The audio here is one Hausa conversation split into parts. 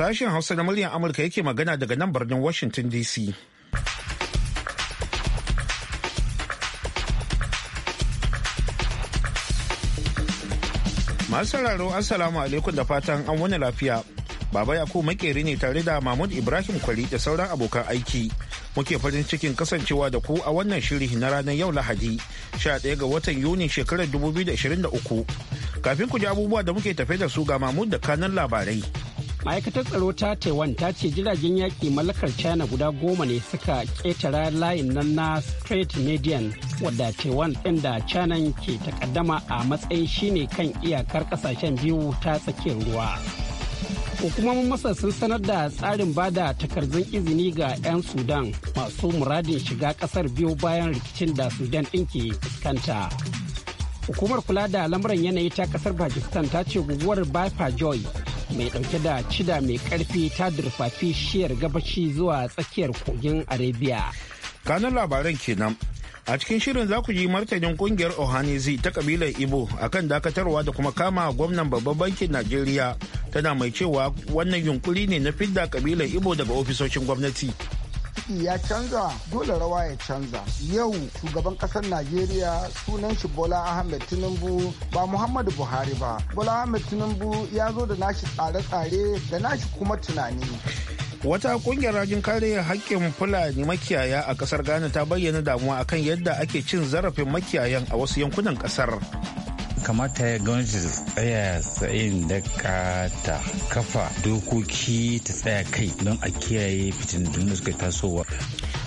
Sashen Hausa na muryar Amurka yake magana daga nan birnin Washington DC. Masu sauraro Assalamu alaikum da fatan an wani lafiya. Baba Yakubu makeri ne tare da Mahmud Ibrahim Kwari da sauran abokan aiki. Muke farin cikin kasancewa da ku a wannan shiri na ranar yau Lahadi, 11 ga watan Yuni shekarar 2023. Kafin ku ji abubuwa da muke tafe da su ga Mahmud da kanan labarai. ma'aikatar tsaro ta taiwan ta ce jiragen yaƙi mallakar china guda goma ne suka ƙetara layin nan na strait median wadda taiwan ɗin da china ke takaddama a matsayin shine kan iyakar ƙasashen biyu ta tsakiyar ruwa hukumomin masar sun sanar da tsarin bada takardun izini ga 'yan sudan masu muradin shiga kasar biyu bayan rikicin da sudan ɗin ke fuskanta hukumar kula da lamuran yanayi ta kasar pakistan ta ce guguwar bifa joy mai ɗauke da cida mai karfi ta durfafi shiyar gabashi zuwa tsakiyar kogin arabia kanan labaran kenan a cikin shirin za ku ji martanin kungiyar ohanizi ta kabilar ibo akan dakatarwa da kuma kama gwamnan babban bankin najeriya tana mai cewa wannan yunkuri ne na fidda kabilar ibo daga ofisoshin gwamnati ya canza dole rawa ya canza yau shugaban kasar najeriya sunan shi bola ahmed tinubu ba muhammadu buhari ba bola ahmed tinubu ya zo da nashi tsare-tsare da nashi kuma tunani wata kungiyar rajin kare haƙƙin fulani makiyaya a kasar ghana ta bayyana damuwa akan yadda ake cin zarafin makiyayan a wasu yankunan kasar. kamata ya gwamnati ta tsaya tsayin daka ta kafa dokoki ta tsaya kai don a kiyaye fitintun da suka tasowa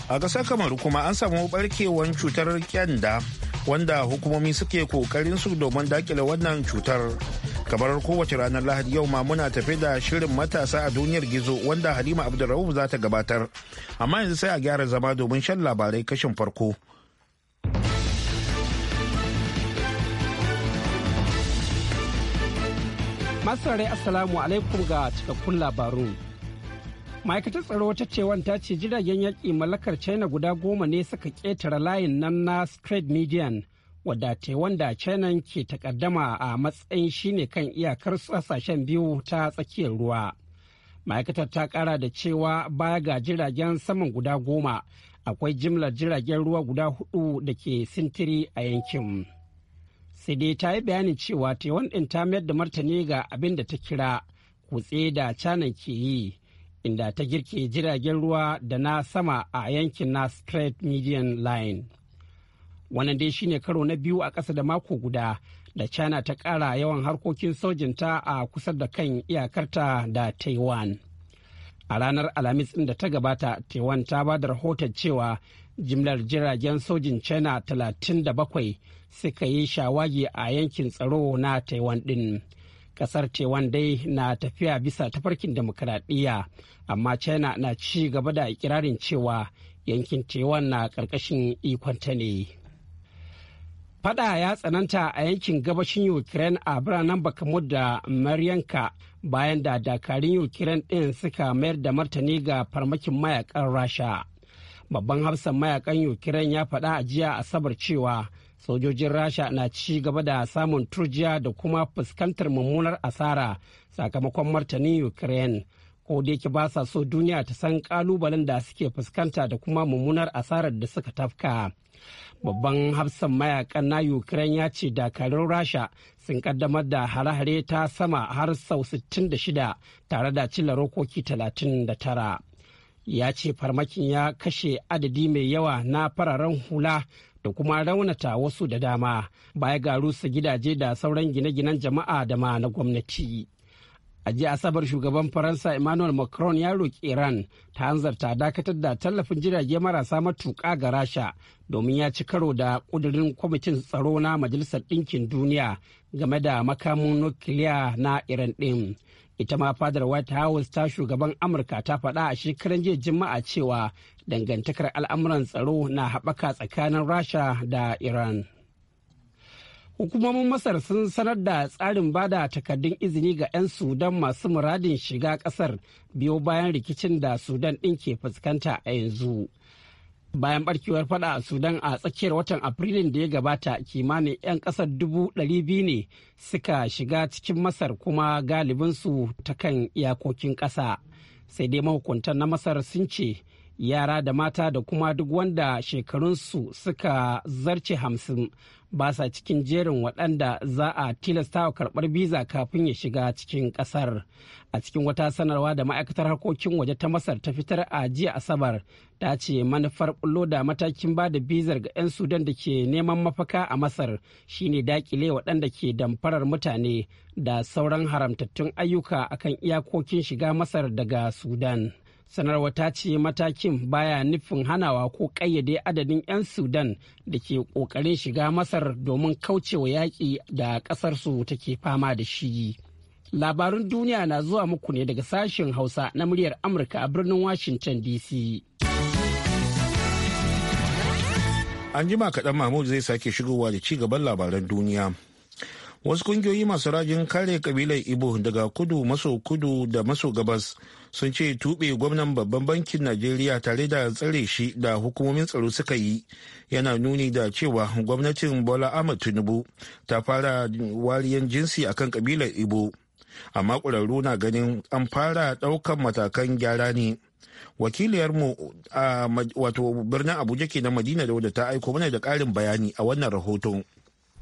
a ƙasar kamaru kuma an samu barkewar cutar kyanda wanda hukumomi suke kokarin su domin dakile wannan cutar kamar kowace ranar lahadi yau ma muna tafe da shirin matasa a duniyar gizo wanda halima abdulrahman za ta gabatar amma yanzu sai a gyara zama domin shan labarai kashin farko Masarai asalamu alaikum ga cikakkun labaru Ma'aikatar tsaro wata ce ta ce jiragen yaƙi mallakar China guda goma ne suka ƙetare layin nan na Strait Median wadda ce da China ke takaddama a matsayin shine kan iyakar ƙasashen biyu ta tsakiyar ruwa. Ma'aikatar ta ƙara da cewa baya ga jiragen saman guda goma akwai jimlar jiragen ruwa guda hudu da ke sintiri a yankin. sai dai ta yi bayanin cewa taiwan ɗin ta mayar da martani ga abin da ta kira kutse da canan ke yi inda ta girke jiragen ruwa da na sama a yankin na strait median line wannan dai shine karo na biyu a ƙasa da mako guda da china ta ƙara yawan harkokin sojinta a kusa da kan iyakarta da taiwan a ranar alhamis ɗin da ta gabata taiwan ta ba da rahoton cewa jimlar jiragen sojin china 37 suka yi shawagi a yankin tsaro na taiwan ɗin ƙasar taiwan dai na tafiya bisa tafarkin demokuraɗiyya amma china na ci gaba da ikirarin cewa yankin taiwan na ƙarƙashin ikonta ne fada ya tsananta a yankin gabashin ukraine a biranen bakamut da maryanka bayan da dakarun ukraine ɗin suka mayar da martani ga farmakin mayakan rasha babban hafsan mayakan ukraine ya faɗa a jiya asabar cewa sojojin rasha na ci gaba da samun turjiya da kuma fuskantar mummunar asara sakamakon martanin ukraine ko da yake ba sa so duniya ta san kalubalen da suke fuskanta da kuma mummunar asarar da suka tafka babban hafsan mayakan na ukraine ya ce dakarun rasha sun kaddamar da hare-hare ta sama har sau 66 tare da cilla rokoki 39 ya ce farmakin ya kashe adadi mai yawa na fararen hula da kuma raunata wasu da dama baya ga rusa gidaje da sauran gine-ginen jama'a da ma na gwamnati. A ji Asabar shugaban Faransa Emmanuel Macron ya roƙi Iran ta hanzarta dakatar da tallafin jirage marasa matuƙa ga Rasha domin ya ci karo da ƙudurin kwamitin tsaro na Majalisar Ɗinkin Duniya game da makamin nukiliya na Iran ɗin. ita ma fadar white house ta shugaban amurka ta faɗa a shekaran jiya juma'a cewa dangantakar al'amuran tsaro na haɓaka tsakanin rasha da iran hukumomin masar sun sanar da tsarin bada takardun izini ga 'yan sudan masu muradin shiga kasar biyo bayan rikicin da sudan ɗin ke fuskanta a yanzu bayan barkewar fada a sudan a tsakiyar watan afrilun da ya gabata kimanin 'yan kasar dubu ɗari biyu ne suka shiga cikin masar kuma galibinsu ta kan iyakokin ƙasa sai dai mahukuntan na masar sun ce yara da mata da kuma duk wanda shekarunsu suka zarce hamsin ba sa cikin jerin waɗanda za a tilasta wa karɓar biza kafin ya shiga cikin ƙasar a cikin wata sanarwa da ma'aikatar harkokin waje ta masar ta fitar a jiya asabar ta ce manufar bullo da matakin ba da bizar ga 'yan sudan da ke neman mafaka a masar shine dakile waɗanda ke damfarar mutane da sauran haramtattun ayyuka akan iyakokin shiga masar daga sudan sanarwa ta ce matakin baya nufin hanawa ko ƙayyade adadin 'yan sudan da ke ƙoƙarin shiga masar domin kaucewa yaƙi da su take fama da shi labarun duniya na zuwa muku ne daga sashen hausa na muryar amurka a birnin washington dc an jima kaɗan mahmud zai sake shigowa da ci gaban labaran duniya wasu kungiyoyi masu rajin kare kabilar ibo daga kudu maso kudu da maso gabas sun ce tuɓe gwamnan babban bankin najeriya tare da tsare shi da hukumomin tsaro suka yi yana nuni da cewa gwamnatin bola ahmed tinubu ta fara wariyan jinsi akan kabilar ibo amma ƙwararru na ganin an fara ɗaukan matakan gyara ne wakiliyarmu a wato birnin abuja ke na madina da wadda ta aiko mana da ƙarin bayani a wannan rahoton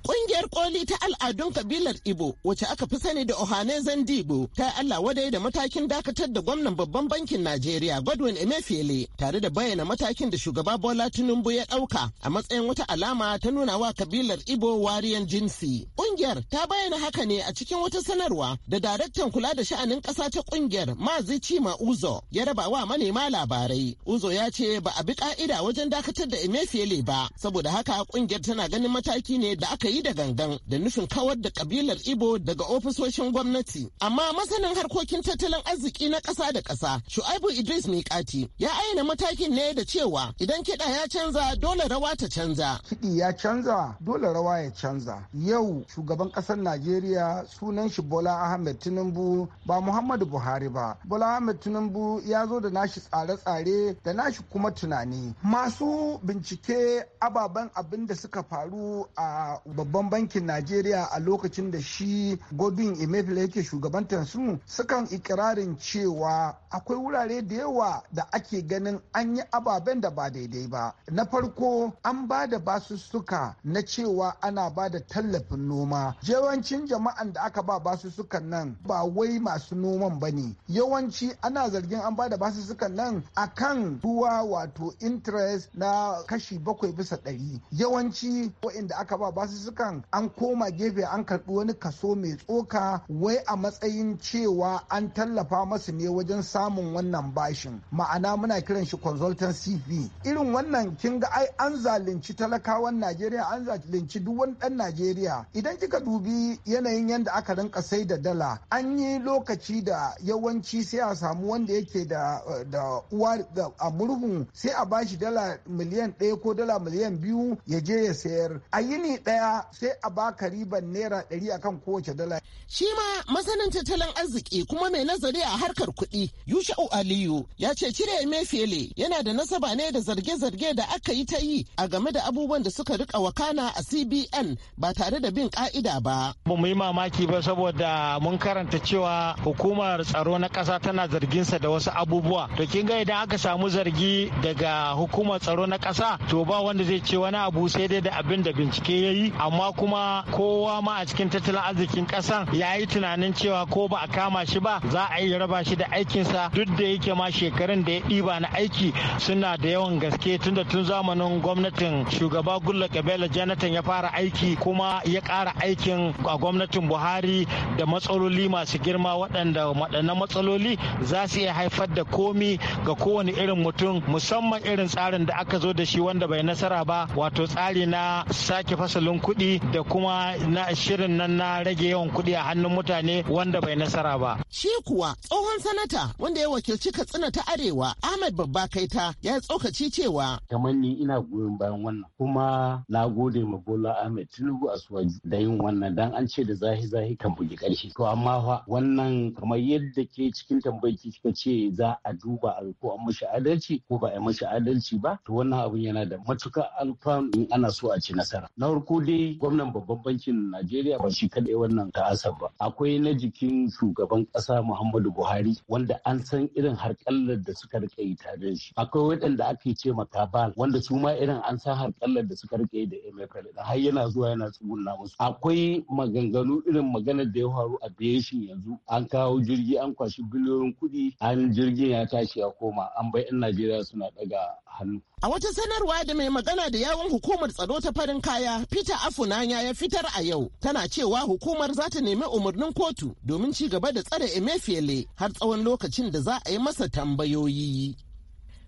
Ƙungiyar koli ta al'adun kabilar Ibo wacce aka fi sani da Ohane Zandibo ta Allah wadai da matakin dakatar da gwamnan babban bankin Najeriya Godwin Emefiele tare da bayyana matakin da shugaba Bola Tinubu ya ɗauka a matsayin wata alama ta nuna wa kabilar Ibo wariyan jinsi. Ƙungiyar ta bayyana haka ne a cikin wata sanarwa da daraktan kula da sha'anin ƙasa ta ƙungiyar Mazi Chima Uzo ya raba wa manema labarai. Uzo ya ce ba a bi ƙa'ida wajen dakatar da Emefiele ba saboda haka ƙungiyar tana ganin mataki ne da aka yi da gangan da nufin kawar da kabilar Ibo daga ofisoshin gwamnati. Amma masanin harkokin tattalin arziki na ƙasa da ƙasa, Shu'aibu Idris Mikati, ya ayyana matakin ne da cewa idan kiɗa ya canza dole rawa ta canza. Kiɗi ya canza dole rawa ya canza. Yau shugaban ƙasar Najeriya sunan shi Bola Ahmed Tinubu ba Muhammadu Buhari ba. Bola Ahmed Tinubu ya zo da nashi tsare-tsare da nashi kuma tunani. Masu bincike ababen abin da suka faru a babban bankin najeriya a lokacin da shi godwin emefiel yake shugabantar su sukan ikirarin cewa akwai wurare da yawa da ake ganin an yi ababen da ba daidai ba na farko an ba da basussuka na cewa ana ba da tallafin noma yawancin jama'an da aka ba basussukan nan ba wai masu noman ba ne yawanci ana zargin an ba da basussukan nan a kan ruwa wato interest na kashi bakwai bisa ɗari yawanci waɗanda aka ba basussukan kan an koma gefe an karbi wani kaso mai tsoka wai a matsayin cewa an tallafa masu ne wajen samun wannan bashin ma'ana muna kiran shi consultant cv irin wannan kin ga ai an zalunci talakawan najeriya an zalunci duk wani dan najeriya idan kika dubi yanayin yadda aka rinka sai da dala an yi lokaci da yawanci sai a samu wanda yake da da uwa a murhu sai a bashi dala miliyan ɗaya ko dala miliyan biyu ya je ya sayar a yini ɗaya sai a baka riban naira ɗari akan kowace dala. Shi ma masanin tattalin arziki kuma mai nazari a harkar kuɗi Yusha'u Aliyu ya ce cire fele yana da nasaba ne da zarge-zarge da aka yi ta yi a game da abubuwan da suka rika wakana a CBN ba tare da bin ka'ida ba. Ba mu yi mamaki ba saboda mun karanta cewa hukumar tsaro na ƙasa tana zarginsa da wasu abubuwa. To kin ga idan aka samu zargi daga hukumar tsaro na ƙasa to ba wanda zai ce wani abu sai dai da abin da bincike ya yi a amma kuma kowa ma a cikin tattalin arzikin kasan ya yi tunanin cewa ko ba a kama shi ba za a iya raba shi da aikinsa duk da yake ma shekarun da ya ɗiba na aiki suna da yawan gaske tun da tun zamanin gwamnatin shugaba gulla kabela janatan ya fara aiki kuma ya ƙara aikin a gwamnatin buhari da matsaloli masu girma waɗanda waɗannan matsaloli za su iya haifar da komi ga kowane irin mutum musamman irin tsarin da aka zo da shi wanda bai nasara ba wato tsari na sake fasalin kuɗi kuɗi da kuma na shirin nan na rage yawan kuɗi a hannun mutane wanda bai nasara ba. Shi kuwa tsohon sanata wanda ya wakilci Katsina ta Arewa Ahmed Babba Kaita ya tsokaci cewa. Kamar ni ina goyon bayan wannan kuma na gode ma Bola Ahmed Tinubu Asuwaji da yin wannan dan an ce da zahi zahi kan bugi ƙarshe. To amma fa wannan kamar yadda ke cikin tambayar kika ce za a duba ko an mashi adalci ko ba a mashi adalci ba to wannan abun yana da matuƙar alfanu ana so a ci nasara. Na farko dai gwamnan babban bankin Najeriya ba shi kaɗai wannan ta'asar ba. Akwai na jikin shugaban kasa Muhammadu Buhari wanda an san irin harƙallar da suka rike yi tare shi. Akwai waɗanda aka ce makabal wanda su ma irin an san harƙallar da suka rike yi da MFL har yana zuwa yana tsugunna musu. Akwai maganganu irin maganar da ya faru a Beyeshin yanzu an kawo jirgi an kwashi biliyoyin kuɗi an jirgin ya tashi ya koma an bai 'yan Najeriya suna ɗaga hannu. A wata sanarwa da mai magana da yawon hukumar tsaro ta farin kaya Peter afunanya ya fitar a yau tana cewa hukumar za ta nemi umarnin kotu domin ci gaba da tsare Emefiele har tsawon lokacin da za a yi masa tambayoyi.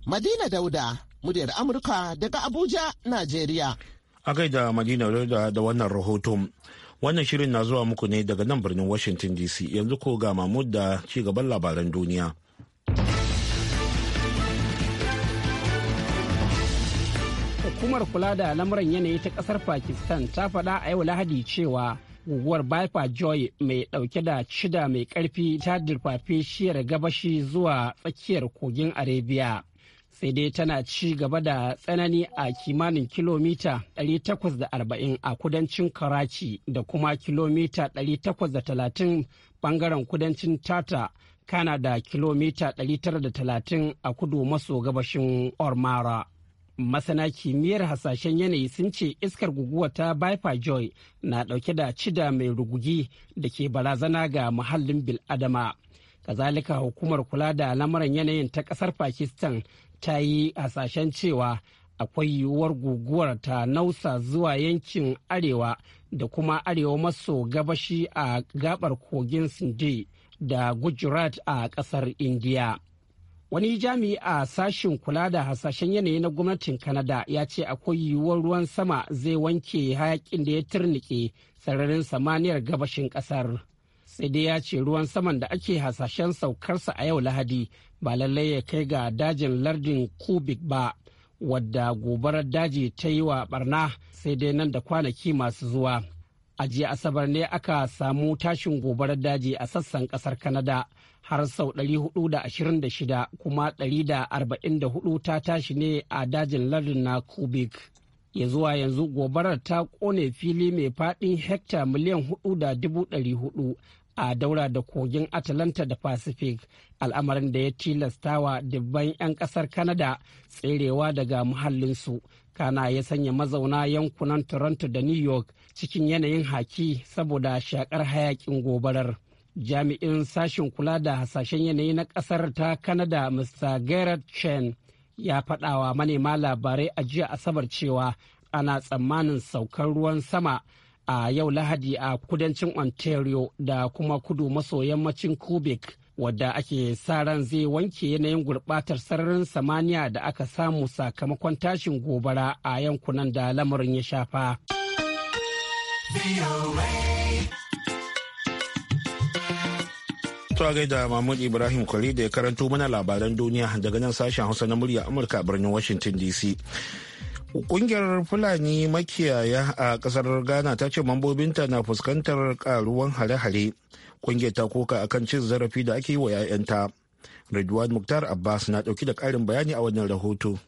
Madina Dauda, muryar Amurka daga Abuja, Najeriya. A gaida Madina Dauda da wannan rahoton. Wannan shirin na zuwa muku ne daga nan birnin Washington DC yanzu ko ga Mahmud da ci gaban labaran duniya. hukumar kula da lamuran yanayi ta kasar pakistan ta faɗa a yau lahadi cewa guguwar Bipa Joy mai ɗauke da shida mai ƙarfi ta dirfafe shiyar gabashi zuwa tsakiyar kogin Arabia. Sai dai tana ci gaba da tsanani a kimanin kilomita 840 a kudancin Karachi da kuma kilomita 830 bangaren kudancin Tata, kana da kilomita 930 a kudu maso gabashin Ormara. masana kimiyyar hasashen yanayi sun ce iskar guguwa ta bifa joy na dauke da cida mai rugugi da ke barazana ga muhallin biladama kazalika hukumar kula da lamuran yanayin ta kasar pakistan ta yi hasashen cewa akwai yiwuwar guguwar ta nausa zuwa yankin arewa da kuma arewa maso gabashi a gabar kogin sinde da gujarat a kasar indiya wani jami'i a sashen kula da hasashen yanayi na gwamnatin Kanada ya ce akwai yiwuwar ruwan sama zai wanke hayakin da ya turnike sararin samaniyar gabashin kasar sai dai ya ce ruwan saman da ake hasashen saukarsa a yau lahadi ba lallai ya kai ga dajin lardin kubik ba wadda gobarar daji ta yi wa barna sai dai nan da kwanaki masu zuwa a jiya asabar ne aka samu tashin gobarar daji a sassan kasar Kanada. har sau 426 kuma 144 ta tashi ne a dajin lardin na kubik ya zuwa yanzu gobarar ta kone fili mai faɗin hekta miliyan 4,400 a daura da kogin atalanta da pacific al'amarin da ya tilastawa dubban 'yan ƙasar kanada tserewa daga muhallinsu kana ya sanya mazauna yankunan toronto da new york cikin yanayin haki saboda shakar hayakin gobarar jami'in sashen kula da hasashen yanayi na kasar ta canada mr garrett chen ya faɗawa manema labarai a jiya asabar cewa ana tsammanin saukar ruwan sama a yau lahadi a kudancin ontario da kuma kudu maso yammacin quebec wadda ake sa ran zai wanke yanayin gurbatar sararin samaniya da aka samu sakamakon tashin gobara a yankunan da lamarin ya shafa. To a gaida Mahmud Ibrahim Kwali da ya karanto mana labaran duniya daga nan sashen Hausa na murya Amurka a birnin Washington DC. Kungiyar Fulani makiyaya a kasar Ghana ta ce mambobinta na fuskantar karuwan hare-hare. Kungiyar ta koka kan cin zarafi da ake yi wa 'ya'yanta. Ridwan Muktar Abbas na dauki da karin bayani a wannan rahoto.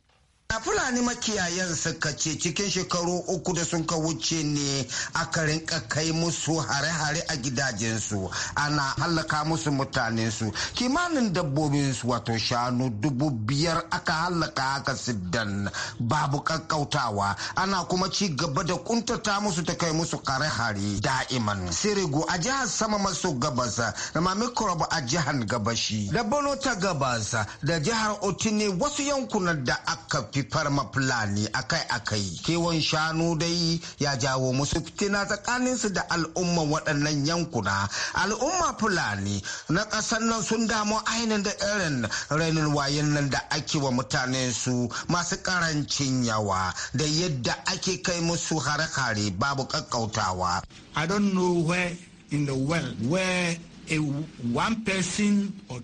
A Fulani makiyayen suka ce cikin shekaru uku da sun ka wuce ne aka rinka kai musu hare-hare a gidajensu ana hallaka musu mutanensu kimanin dabbobinsu wato shanu dubu biyar aka hallaka haka siddan babu kakkautawa ana kuma ci gaba da kuntata musu ta kai musu hare-hare da'iman. Sirigu a jihar sama maso gabas da Mamikorob a jihar gabashi da Bono ta gabas da jihar Otine wasu yankunan da aka fi farma fulani akai-akai kewan shanu dai ya jawo musu fitina tsakaninsu da al'umma waɗannan yankuna al'umma fulani na ƙasar nan sun damu ainihin da irin rainin wayan nan da ake wa mutane su masu ƙarancin yawa da yadda ake kai musu hare-hare babu ƙaƙƙautawa i don't know where in the world where a one person or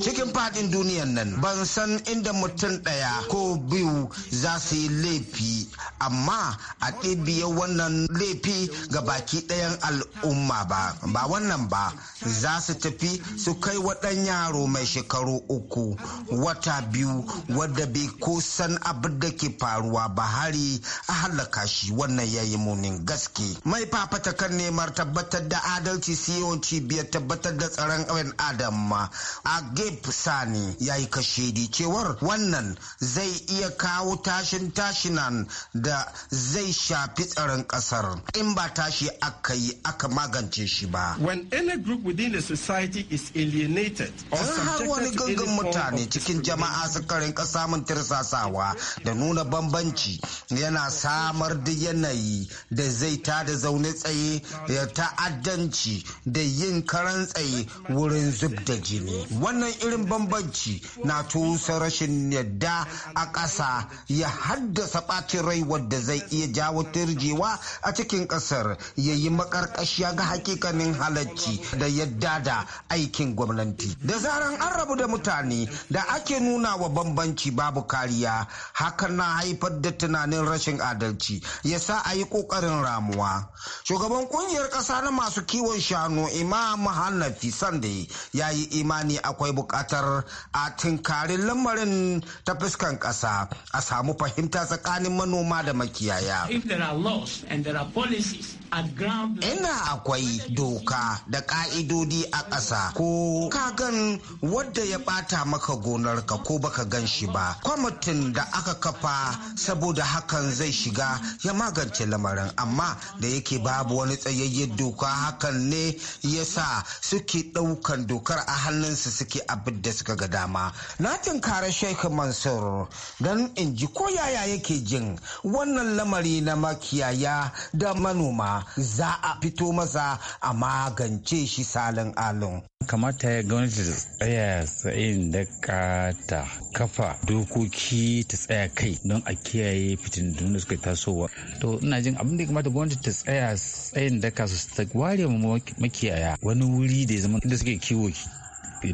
Cikin fadin duniyan nan ban san inda mutum ɗaya ko biyu za su yi laifi amma a ɗibiya wannan laifi ga baki ɗayan al'umma ba. Ba wannan ba za su tafi su kai waɗan yaro mai shekaru uku wata biyu wadda bai ko san abin da ke faruwa ba hari a halaka shi wannan yayi munin gaske. Mai fafata kan neman tabbatar da adalci siyon cibiyar tabbatar da tsaron adam ma agib sani ya yi kashedi cewar wannan zai iya kawo tashin tashinan da zai shafi tsaron kasar in ba tashi aka yi aka magance shi ba when any group within a society is alienated har wani gangan mutane cikin jama'a karin kasa samun tirsasawa da nuna bambanci yana samar da yanayi da zai ta da zaune tsaye ya ta'addanci da yin karan tsaye wurin zub da jini wannan irin bambanci na tusa rashin yadda a ƙasa ya haddasa ɓacin rai wadda zai iya jawo turjewa a cikin ƙasar ya yi makarƙashiya ga hakikanin halarci da yadda da aikin gwamnati da zaran an rabu da mutane da ake nuna wa bambanci babu kariya hakan na haifar da tunanin rashin adalci ya sa a yi ƙoƙarin ramuwa shugaban ƙungiyar ƙasa na masu kiwon shanu imam muhallafi sande ya yi imani akwai buƙatar a tinkari lamarin ta fuskan ƙasa a samu fahimta tsakanin manoma da makiyaya. If there are laws and there are policies Ina akwai doka da ka'idodi a ƙasa ko ka gan wadda ya ɓata maka gonarka ko baka gan shi ba. Kwamitin da aka kafa saboda hakan zai shiga ya magance lamarin amma da yake babu wani tsayayyen doka hakan ne ya sa suke ɗaukan dokar a hannunsu suke abin da suka ga dama. Na tinkara Sheikh Mansur don in ji ko yaya yake jin wannan lamari na makiyaya da manoma za a fito masa a magance shi salin alin. kamata ya gwamnati ta tsaya tsayin daka ta kafa dokoki ta tsaya kai don a kiyaye fitin da suka tasowa to ina jin abin da kamata gwamnati ta tsaya tsayin daka su ta ware makiyaya wani wuri da ya zama inda suke kiwo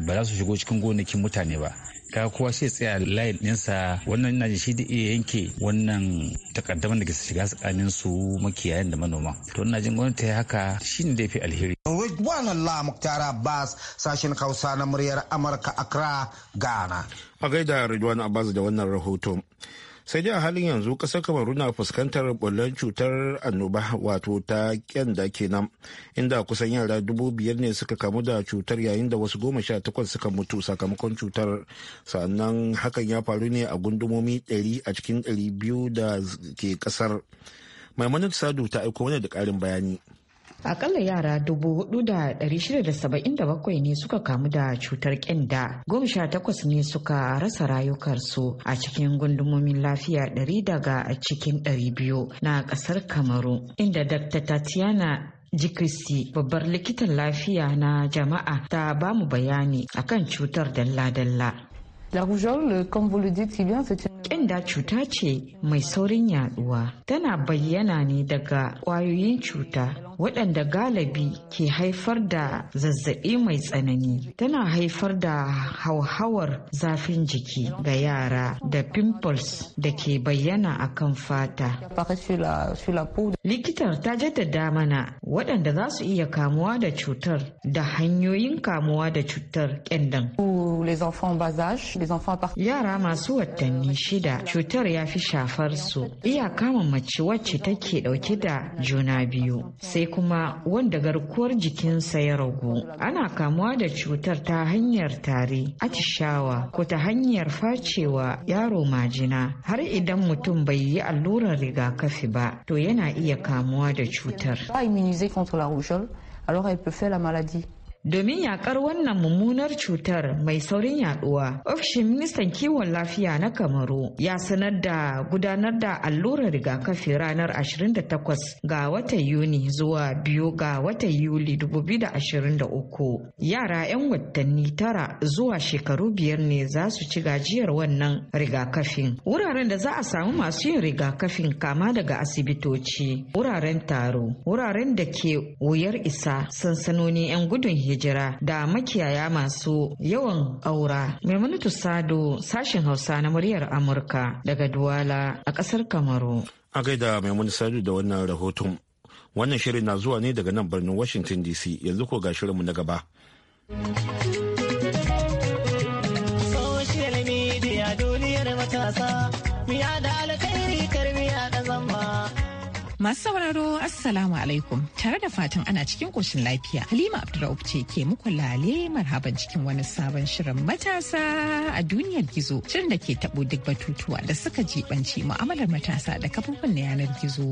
ba za su shigo cikin gonakin mutane ba ga kowa sai tsaya layin ɗinsa wannan yana shi da iya yanke wannan takaddamar da ke shiga tsakanin su makiyayan da manoma to ina jin gwamnati ya haka shine da fi alheri Ridwan Allah Muktar Abbas sashen Hausa na muryar Amurka Accra Ghana a gaida Ridwan Abbas da wannan rahoton sai dai a halin yanzu kasar kamaru na fuskantar bullon cutar annoba wato ta ke kenan inda kusan yara dubu biyar ne suka kamu da cutar yayin da wasu goma sha takwas suka mutu sakamakon cutar sannan hakan ya faru ne a gundumomi ɗari a cikin ɗari biyu da ke ƙasar maimunatu sadu ta aiko wani da ƙarin bayani Akalla yara 4,677 ne suka kamu da cutar kenda goma sha takwas ne suka rasa rayukarsu a cikin gundumomin lafiya 100 daga cikin 200 na ƙasar Kamaru, inda Dr. Tatiana Jikristi babbar likitan lafiya na jama'a ta bamu bayani akan cutar dalla-dalla. La rougeole, comme vous le dites bien, c'est une cuta ce mai saurin yaduwa. Tana bayyana ne daga ƙwayoyin cuta waɗanda galibi ke haifar da zazzaɓi mai tsanani. Tana haifar da hauhawar zafin jiki ga yara da pimples da ke bayyana a kan fata. Likitar ta jaddada mana waɗanda za su iya kamuwa da cutar da hanyoyin kamuwa da cutar ƙyandan. les enfants bas âge, les enfants à partir. Yara masu watanni shida cutar ya fi shafar su. Iya kama mace wacce take dauke da juna biyu sai kuma wanda garkuwar jikinsa ya ragu. Ana kamuwa da cutar ta hanyar tari, atishawa ko ta hanyar facewa yaro majina har idan mutum bai yi allurar rigakafi ba to yana iya kamuwa da cutar. alors elle peut domin yakar wannan mummunar cutar mai saurin yaduwa. Ofishin ministan kiwon lafiya na Kamaru ya sanar da gudanar da allurar rigakafi ranar 28 ga watan Yuni zuwa biyu ga watan Yuli 2023. Yara 'yan watanni tara zuwa shekaru biyar ne za su ci gajiyar wannan rigakafin. Wuraren da za a samu masu yin rigakafin kama daga asibitoci, wuraren taro, wuraren da ke wuyar isa sansanoni 'yan gudun hijira da makiyaya masu yawan aura. Maimunatu Sado sashen Hausa na muryar Amurka daga Duwala a ƙasar Kamaru. A gaida Maimunatu Sado da wannan rahoton. Wannan shirin na zuwa ne daga nan birnin Washington DC yanzu ko ga shirinmu na gaba. Social media matasa. Masu sauraro Assalamu alaikum tare da fatan ana cikin ƙoshin lafiya. Halima Abdurraub ce ke muku lale marhaban cikin wani sabon shirin matasa a duniyar gizo. Shirin da ke taɓo duk batutuwa da suka jibanci mu'amalar matasa da kafofin na yanar gizo.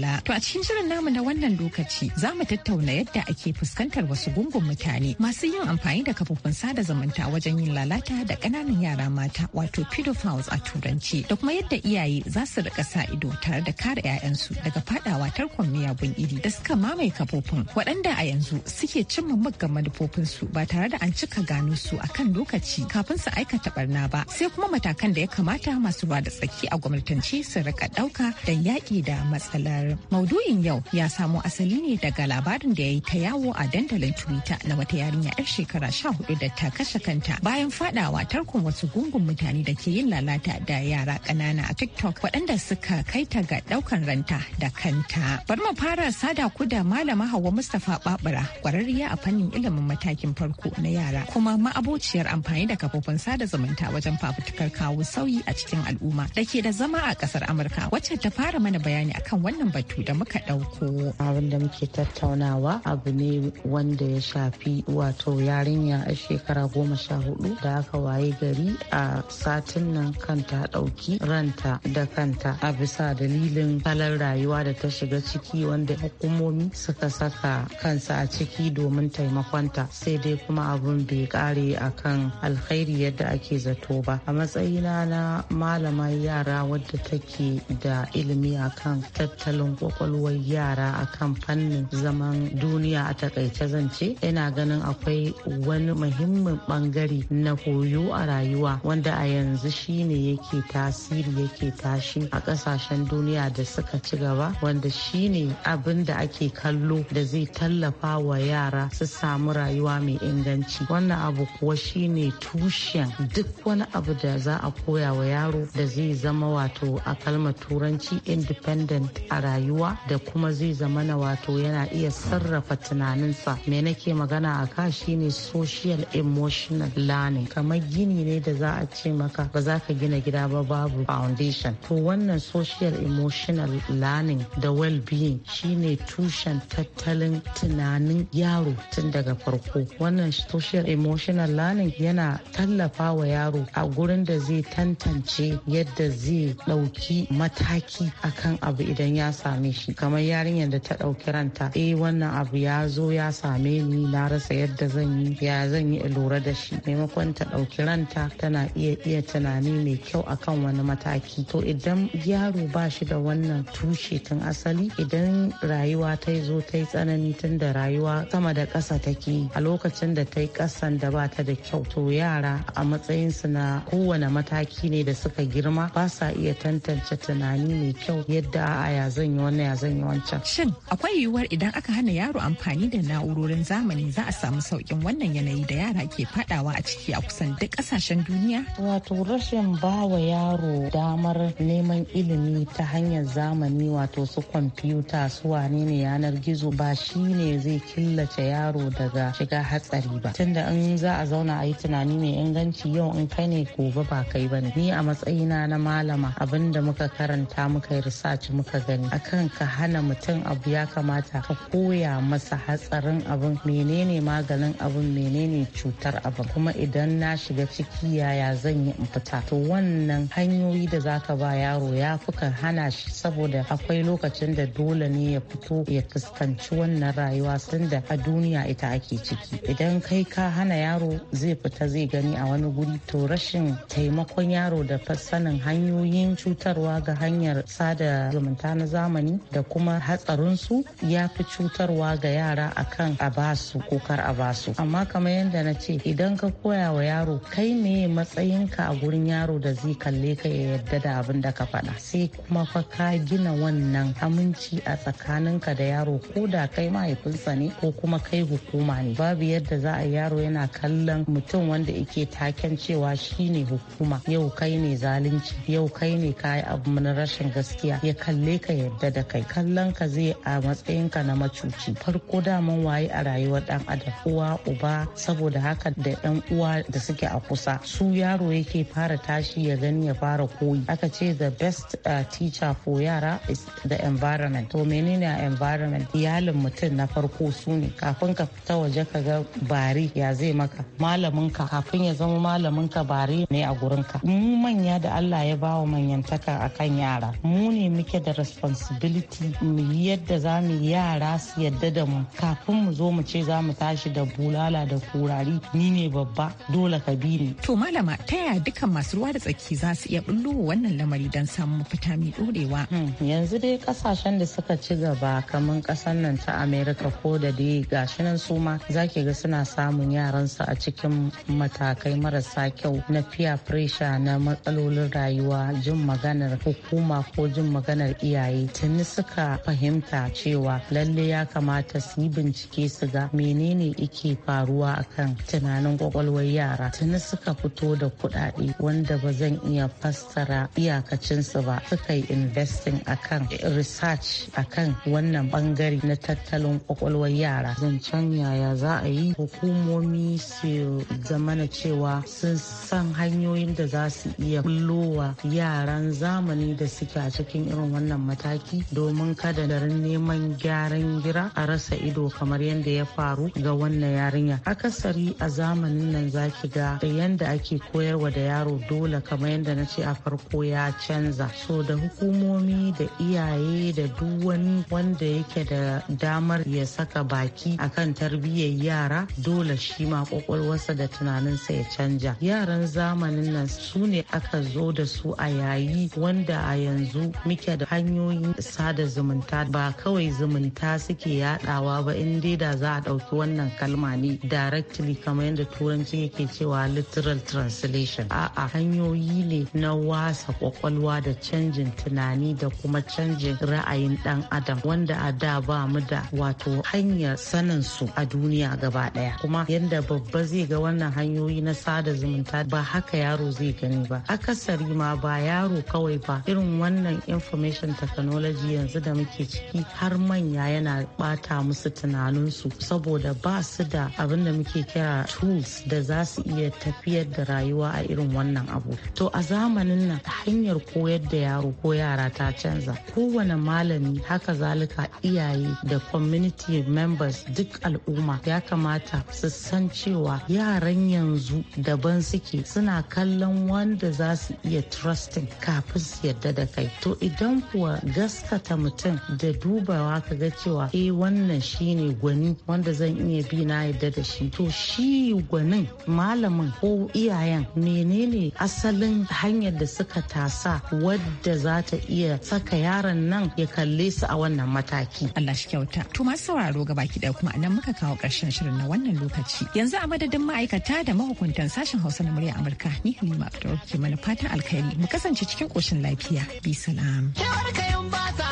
To a cikin shirin namu na wannan lokaci za mu tattauna yadda ake fuskantar wasu gungun mutane masu yin amfani da kafofin sada zumunta wajen yin lalata da ƙananan yara mata wato pedophiles a turanci da kuma yadda iyaye za su rika sa ido tare da kare 'ya'yansu daga fadawa tarkon miyagun iri da suka mamaye kafofin waɗanda a yanzu suke cimma muggan manufofinsu ba tare da an cika gano su akan lokaci kafin su aikata barna ba sai kuma matakan da ya kamata masu ruwa da tsaki a gwamnatance su rika ɗauka don yaƙi da matsalar labarin. Maudu'in yau ya samo asali ne daga labarin da ya yi ta yawo a dandalin Twitter na wata yarinya 'yar shekara sha hudu da ta kashe kanta bayan fadawa tarkon wasu gungun mutane da ke yin lalata da yara ƙanana a TikTok waɗanda suka kai ta ga ɗaukan ranta da kanta. Bari mu fara sada ku da malama Hauwa Mustapha Babura kwararriya a fannin ilimin matakin farko na yara kuma ma'abociyar amfani da kafofin sada zumunta wajen fafutukar kawo sauyi a cikin al'umma da ke da zama a ƙasar Amurka wacce ta fara mana bayani akan wannan batu da muka ɗauko. Abin da muke tattaunawa abu ne wanda ya shafi wato yarinya a shekara goma sha hudu da aka waye gari a satin nan kanta ɗauki ranta da kanta a bisa dalilin kalar rayuwa da ta shiga ciki wanda hukumomi suka saka kansa a ciki domin taimakonta sai dai kuma abun bai kare akan alkhairi yadda ake zato ba a matsayina na malamar yara wadda take da ilimi akan tattalin samun kwakwalwar yara a kan fannin zaman duniya a takaice zance ina ganin akwai wani muhimmin bangare na koyo a rayuwa wanda a yanzu shine yake tasiri yake tashi a kasashen duniya da suka ci gaba wanda shine abin da ake kallo da zai tallafa wa yara su samu rayuwa mai inganci wannan abu kuwa shine tushen duk wani abu da za a koya wa yaro da zai zama wato a kalmar turanci independent a rayuwa rayuwa da kuma zai zama na wato yana iya sarrafa tunaninsa me nake magana a ka shine social emotional learning kamar gini ne da za a ce maka ba za ka gina gida ba babu foundation to wannan social emotional learning da well-being shine tushen tattalin tunanin yaro tun daga farko wannan social emotional learning yana tallafa wa yaro a gurin da zai tantance yadda zai ɗauki mataki akan abu idan ya sa. same shi kamar yarinyar da ta ɗauki ranta eh wannan abu ya zo ya same ni na rasa yadda zan yi ya zan yi lura da shi maimakon ta ɗauki ranta tana iya iya tunani mai kyau akan wani mataki to idan yaro ba shi da wannan tushe tun asali idan rayuwa ta zo ta yi tsanani tun da rayuwa sama da ƙasa take a lokacin da ta yi ƙasan da ba ta da kyau to yara a matsayinsu na kowane mataki ne da suka girma ba sa iya tantance tunani mai kyau yadda a ya zan yi yi wannan ya zan yi wancan. Shin akwai yiwuwar idan aka hana yaro amfani da na'urorin zamani za a samu sauƙin wannan yanayi da yara ke fadawa a ciki a kusan duk ƙasashen duniya? Wato rashin bawa yaro damar neman ilimi ta hanyar zamani wato su kwamfuta su wane ne yanar gizo ba shi ne zai killace yaro daga shiga hatsari ba. Tunda in za a zauna a yi tunani mai inganci yau in kai ne gobe ba kai ba ne. Ni a matsayina na malama abin da muka karanta muka yi research muka gani. kan ka hana mutum abu ya kamata ka koya masa hatsarin abin menene maganin abin menene cutar abin kuma idan na shiga ciki yaya zan yi in fita to wannan hanyoyi da zaka ba yaro ya fi ka hana shi saboda akwai lokacin da dole ne ya fito ya fuskanci wannan rayuwa da a duniya ita ake ciki idan kai ka hana yaro zai fita zai gani a wani guri to rashin taimakon yaro da fassanin hanyoyin cutarwa ga hanyar sada zumunta na zamani zamani da kuma hatsarinsu ya fi cutarwa ga yara akan a basu ko kar a basu amma kamar yadda na ce idan ka koya wa yaro kai me matsayinka a gurin yaro da zai kalle ka ya yarda da abin da ka faɗa sai kuma fa ka gina wannan aminci a tsakaninka da yaro ko da kai mahaifinsa ne ko kuma kai hukuma ne babu yadda za a yaro yana kallon mutum wanda yake taken cewa shine hukuma yau kai ne zalunci yau kai ne kayi abu na rashin gaskiya ya kalle ka ya yadda da kai kallon ka zai a matsayin ka na macuci farko daman waye a rayuwar dan adam uwa uba saboda haka da yan uwa da suke a kusa su yaro yake fara tashi ya gani ya fara koyi aka ce the best uh, teacher for yara is the environment to menene environment iyalin mutum na farko su ne kafin ka fita waje ka ga bari ya zai maka malamin ka kafin ya zama malamin ka bari ne a gurin ka mu manya da Allah ya bawa manyantaka akan yara mu ne muke da responsibility responsibility mu yadda za mu yi yara su yadda da mu kafin mu zo mu ce za mu tashi da bulala da kurari ni ne babba dole ka bi ni. To malama ta yaya dukkan masu ruwa da tsaki za su iya bullo wannan lamari don samun mafita mai dorewa. Hmm, yanzu dai kasashen da suka ci gaba kamar kasar nan ta Amerika ko da dai gashi nan su ma za ga suna samun yaransu a cikin matakai marasa kyau na peer pressure na matsalolin rayuwa jin maganar hukuma ko jin maganar iyaye tuni suka fahimta cewa lalle ya kamata su yi bincike su ga menene ike faruwa akan tunanin kwakwalwar yara tuni suka fito da kudade wanda ba zan iya fassara iyakacinsu ba suka yi investing akan research akan wannan bangare na tattalin kwakwalwar yara zancen yaya za a yi hukumomi su zamana cewa sun san hanyoyin da za su iya bullowa yaran zamani da suke a cikin irin wannan mataki baki domin kada garin neman gyaran gira a rasa ido kamar yadda ya faru ga wannan yarinya akasari a zamanin nan zaki ga yadda ake koyarwa da yaro dole kamar yadda na ce a farko ya canza so da hukumomi da iyaye da duk wani wanda yake da damar ya saka baki akan tarbiyyar yara dole shi ma kwakwalwarsa da tunaninsa ya canja yaran zamanin nan su ne aka zo da su a yayi wanda a yanzu muke da hanyoyin sada zumunta ba kawai zumunta suke yadawa ba in dai da za a ɗauki wannan kalma ne directly kamar yadda turanci yake cewa literal translation a'a hanyoyi ne na wasa kwakwalwa da canjin tunani da kuma canjin ra'ayin dan adam wanda a da ba mu da wato hanyar sanin su a duniya gaba daya kuma yadda babba zai ga wannan hanyoyi na sada zumunta ba haka yaro zai gani ba akasari ma ba yaro kawai ba irin wannan information technology haraji yanzu da muke ciki har manya yana bata musu tunaninsu saboda ba su da abin da muke kira tools da za su iya tafiyar da rayuwa a irin wannan abu to a zamanin nan hanyar koyar da yaro ko yara ta canza kowane malami haka zalika iyaye da community members duk al'umma ya kamata su san cewa yaran yanzu daban suke suna kallon wanda za su iya trusting kafin su yarda da kai to idan kuwa gas gaskata mutum da dubawa ka ga cewa eh wannan shine gwani wanda zan iya bi na yadda da shi to shi gwanin malamin ko iyayen menene asalin hanyar da suka tasa wadda za ta iya saka yaron nan ya kalle su a wannan mataki Allah shi kyauta to masu sauraro gaba ki kuma anan muka kawo karshen shirin na wannan lokaci yanzu a madadin ma'aikata da mahukuntan sashen Hausa na murya Amurka ni Halima Abdul ke mana fatan alkhairi mu kasance cikin koshin lafiya bi salam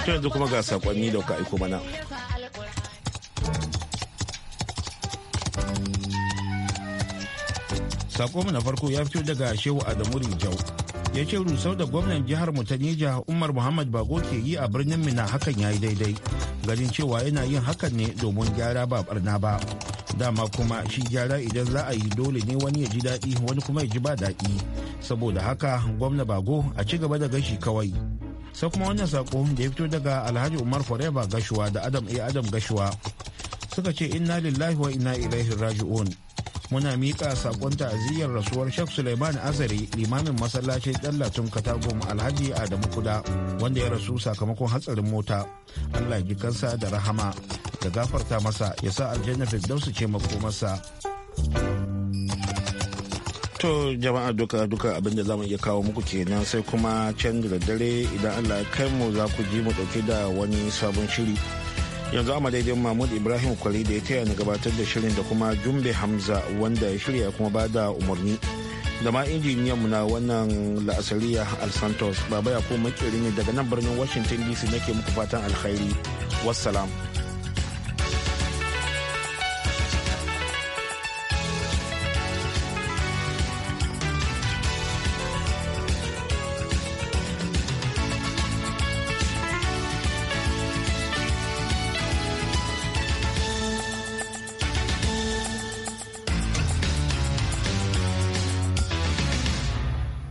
To yanzu kuma ga sakonni da ka aiko mana. Sako na farko ya fito daga Shehu Adamu Rijau. Ya ce rusau da gwamnan jihar mu ta Nija Umar Muhammad Bago ke yi a birnin Mina hakan ya yi daidai. Ganin cewa yana yin hakan ne domin gyara ba barna ba. dama kuma shi gyara idan za a yi dole ne wani ya ji daɗi wani kuma ya ji ba daɗi saboda haka gwamna bago a ci gaba da gashi kawai sai kuma wannan sako da ya fito daga alhaji umar forever gashuwa da adam a adam gashuwa suka ce inna lillahi wa inna ilaihi raji'un muna miƙa sakon ta'aziyyar rasuwar Sheikh Suleiman Azari limamin masallacin Dallatin katago Alhaji Adamu Kuda wanda ya rasu sakamakon hatsarin mota. Allah ji kansa da rahama da gafarta masa ya sa aljanna Firdausu ce makomarsa. To jama'a duka duka abin da zamu iya kawo muku kenan sai kuma can da dare idan Allah ya kai mu za ku ji mu dauke da wani sabon shiri. Yanzu a daidai Mahmud Ibrahim Kwari da ya taya ni gabatar da shirin da kuma Jumbe Hamza wanda ya shirya kuma ba da umarni. Da ma injiniyan mu na wannan la'asariya Al Santos baba ya ko makeri ne daga nan birnin Washington DC nake muku fatan alkhairi. Wassalam.